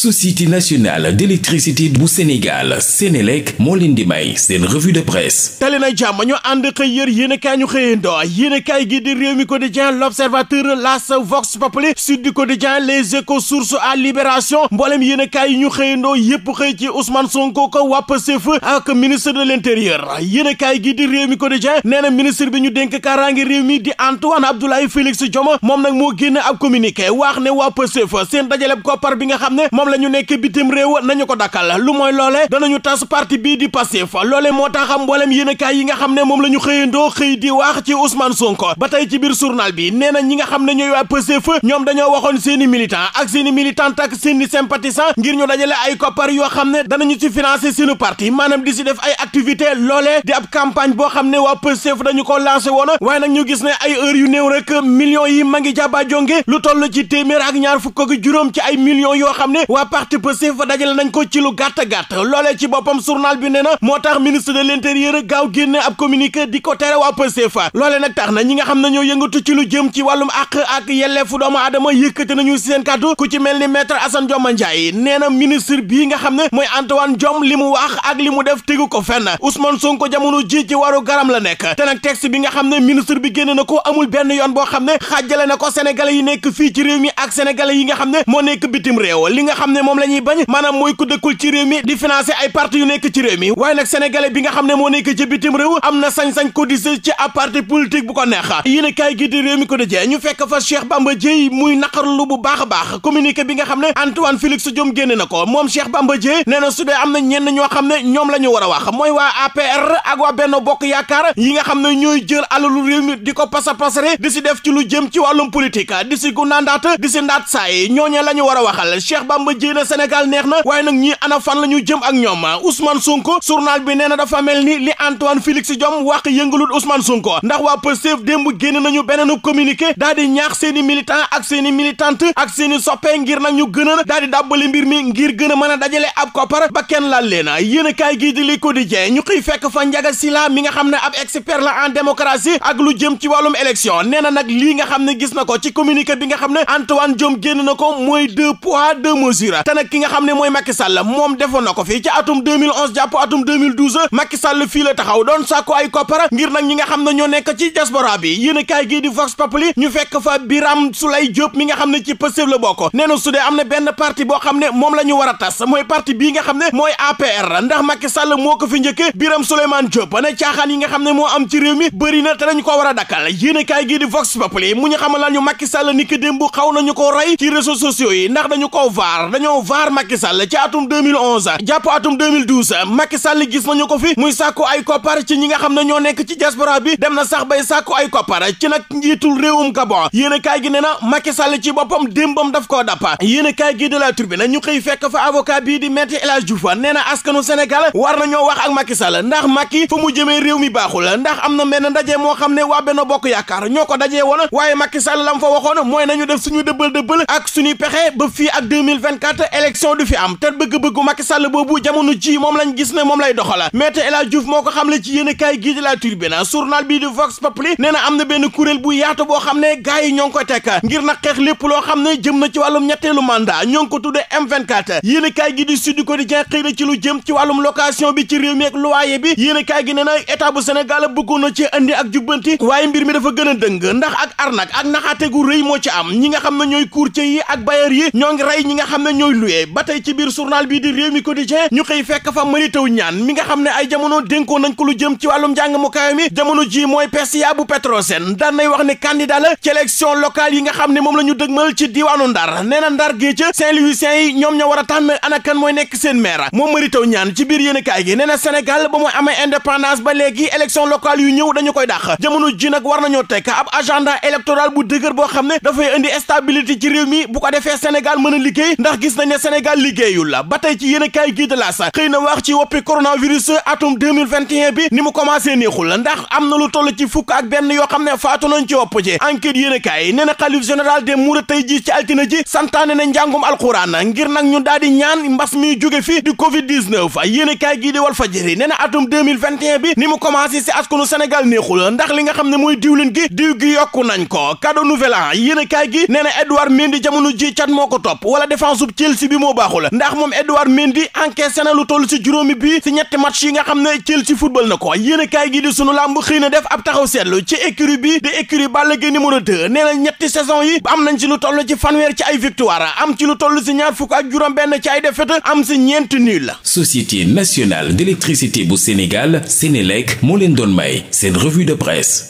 société nationale d'électricité bu Sénégal Sénélec moo leen di may seen revue de presse tali na ñu ànd xëy yër kaay ñu xëyandoo yéen a kaay gi di réew mi quotidien l'observateur las vox populi sud du quotidien les échos à libération mboolem yéen kaay yi ñu xëyandoo yépp xëy ci Ousmane Sonko ko waa Pastef ak ministre de l'intérieur yéen kaay gi di réew mi quotidien nee na ministre bi ñu dénk kaaraange réew mi di Antoine Abdoulaye Félix moo génn ab communiqué la ñu nekk bitim réew nañu ko dakkal lu mooy loole danañu tas parti bii di Pastef loole moo tax am mboolem yéenekaay yi nga xam ne moom la ñu xëyandoo xëy di wax ci Ousmane Sonko ba tey ci biir journal bi nee na ñi nga xam ne ñooy waa Pastef ñoom dañoo waxoon seeni militan ak seeni militant ak seeni sympathisant ngir ñu dajale ay koppar yoo xam ne danañu ci financer seeni parti maanaam di si def ay activité loole di ab campagne boo xam ne waa Pastef dañu ko lancé woon waaye nag ñu gis ne ay heure yu néew rek millions yi ma ngi jàbba jonge lu toll ci téeméer ak ñaar fukk ak juróom ci ay millions yoo xam ne waa parti Pastef fa dajale nañ ko ci lu gàtt-gàtt loole ci boppam journal bi ne na moo tax ministre de l'intérieur gaaw génne ab communiqué di ko tere waa Pastef fa loolee nag tax na ñi nga xam ne ñoo yëngatu ci lu jëm ci wàllum àq ak yelleefu doomu aadama yëkkati nañu seen kàddu ku ci mel ni maître Assane Dioma Ndiaye nee na ministre bi nga xam ne mooy Antoine Diome li mu wax ak li mu def tegu ko fenn Ousmane Sonko jamono ji ci waru garam la nekk te nag texte bi nga xam ne ministre bi génn na ko amul benn yoon boo xam ne xaajale na ko sénégalais yi nekk fii ci réew mi ak sénégalais yi nga xam ne moo nekk bitim réew li nga xam xam moom la ñuy bañ maanaam mooy ku dëkkul ci réew mi di financer ay parti yu nekk ci réew mi waaye nag sénégalais bi nga xam ne moo nekk ci bitim réew am ko neex yéen a kaay gi di réew mi ko dëjee ñu fekk fa Cheikh Bamba Dièye muy naqarlu bu baax baax communiqué bi nga xam ne Antoine Félix Diome génne na ko moom Cheikh Bamba Dièye nee na su am na ñenn ñoo xam ne ñoom la ñu war a wax mooy waa APR ak waa Benno Bokk Yaakaar yi nga xam ne ñooy jël alalu réew mi di ko pasa pasare di si def ci lu jëm ci war a waxal Cheikh mujjee na Sénégal neex na waaye nag ñii ana fan la ñu jëm ak ñoom ah Ousmane Sonko journal bi nee na dafa mel ni li Antoine Félix Diome wax yëngalul Ousmane Sonko ndax waa Pastef démb génn ñu beneen communiqué daal di ñaax seen i militant ak seen i militante ak seen soppe ngir nag ñu gën a daal di dàbbali mbir mi ngir gën a mën a dajale ab koppar ba kenn laal leen ah yéen a kaay gii di li quotidien ñu xëy fekk fa Ndiaga Sylla mi nga xam ne ab expert la en démocratie ak lu jëm ci wàllum élection nee na nag lii nga xam ne gis na ko ci communiqué bi nga xam ne Antoine Diome génn na ko mooy deux poids deux candidature te nag ki nga xam ne mooy Macky Sall moom defoon na ko fi ci atum 2011 jàpp atum 2012 Macky Sall fii la doon sàkku ay koppar ngir nag ñi nga xam ne ñoo nekk ci diaspora bi yéen a kaay gii ñu fekk fa Biram Souleye Diop mi nga xam ne ci Pastef la bokk nee na su am na benn parti boo xam ne moom la ñu war a tas mooy parti bii nga xam ne mooy APR ndax Macky Sall moo ko fi njëkke Biram Souleymane Diop ne caaxaan yi nga xam ne moo am ci réew mi na a dakkal a kaay gii di Vox Populi mu ñu xamal la ñu ko rey ci yi ndax dañu ko vaar dañoo vaar Macky Sall ci atum 2011 jàpp atum 2012 Macky Sall gis nañu ko fi muy sàkku nga xam ne ñoo nekk ci diaspora bi dem na sax bay sàkku ay koppar ci nag njiitul réewum Gabon yéen a gi ne na Macky Sall ci boppam démbam daf koo dappa yéen a kaay gi de la Tribune ñu xëy fekk fa avocat di Maître El Hadji Diouf nee na askanu Sénégal war nañoo wax ak Macky ndax Macky fa mu jëmee réew mi baaxul ndax am na benn ndaje moo xam ne waa Benno Bokk Yaakaar ñoo ko dajee woon waaye Macky Sall lam fa waxoon mooy nañu def suñu dëbbal dëbbal ak suñuy pexe ba ak kat élection du fi am te bëgg-bëggu Macky Sall boobu jamono ci moom lañ gis ne moom lay doxala Maître El Hadji Diouf moo ko xamle ci yéenekaay gi di La Tribune journal bii di Vox Populi nee na bu yaatu boo xam ne gars yi ñoo ngi ngir na xeex lépp loo xam ne jëm na ci wàllum ñetteelu mandat ñoo ngi ko tuddee M24 yéenekaay gi di Sud Quotidien xëy na ci lu jëm ci wàllum location bi ci réew mi ak loyer bi yéenekaay gi ne na état bu Sénégal bëggoon na ci andi ak jubbanti waaye mbir mi dafa gën a dëng ndax ak arnaque ak naxaate gu rëy moo ci am ñi nga xam ne ñooy courtier yi ak bailleur yi ñoo ngi rey ñi nga xam ne ne ñooy luyee ba tey ci biir journal bii di réew mi quotidien ñu xëy fekk fa mari taw ñaan mi nga xam ne ay jamono dénkoon nañ ko lu jëm ci wàllum njàng mu kawe mi jamono ji mooy PCA bu Petrosen daan nay wax ne candidat la ci élection locale yi nga xam ne moom la ñu dëgmal ci diwaanu Ndar nee na Ndar gii ca Saint-Louisien yi ñoom ñoo war a tànn ana kan mooy nekk seen maire moo mari taw ñaan ci biir yéen kaay gi nee na Sénégal ba mooy amee indépendance ba léegi élection locale yu ñëw dañu koy dàq jamono ji nag war nañoo tekk ab agenda électoral bu dëgër boo xam ne dafay indi stabilité ci réew mi bu ko defee Sénégal mën a liggéey ndax gis nañ ne Sénégal liggéeyul la ba tey ci yéen a kaay gii de la sa xëy na wax ci woppi coronavirus atum bi ni mu commencé neexul la ndax am na lu toll ci fukk ak benn yoo xam ne faatu nañ ci wopp ji enquête yéen a kaay nee na xalif général des Mourides tey ji ci altine ji santaane na njàngum alxuraan ngir nag ñu daal di ñaan mbas mi jóge fi di covid 19 yéen a kaay gii wal fajëri nee na atum 2021 bi ni mu commencé si askanu Sénégal neexul ndax li nga xam ne mooy diwlin gi diw gi ko cadeau nouvel an yéen a kaay gi nee na Edouard Mendy jamono ji cat moo ko topp wala défense équipe si bi moo baaxu la ndax moom Edouard Mendy encaissé na lu toll si juróomi bi si ñetti match yi nga xam ne Chelsea football na ko yéen a kaay gi di sunu làmb xëy na def ab taxaw seetlu ci écurie bi di écurie Balla Gaye numéro 2 nee na ñetti saison yi am nañ ci lu toll ci fanweer ci ay victoire am ci lu toll si ñaar fukk ak juróom benn ci ay défaite am si ñeent nul la Société nationale d'électricité bu Sénégal Sénélec moo leen doon may seen revue de presse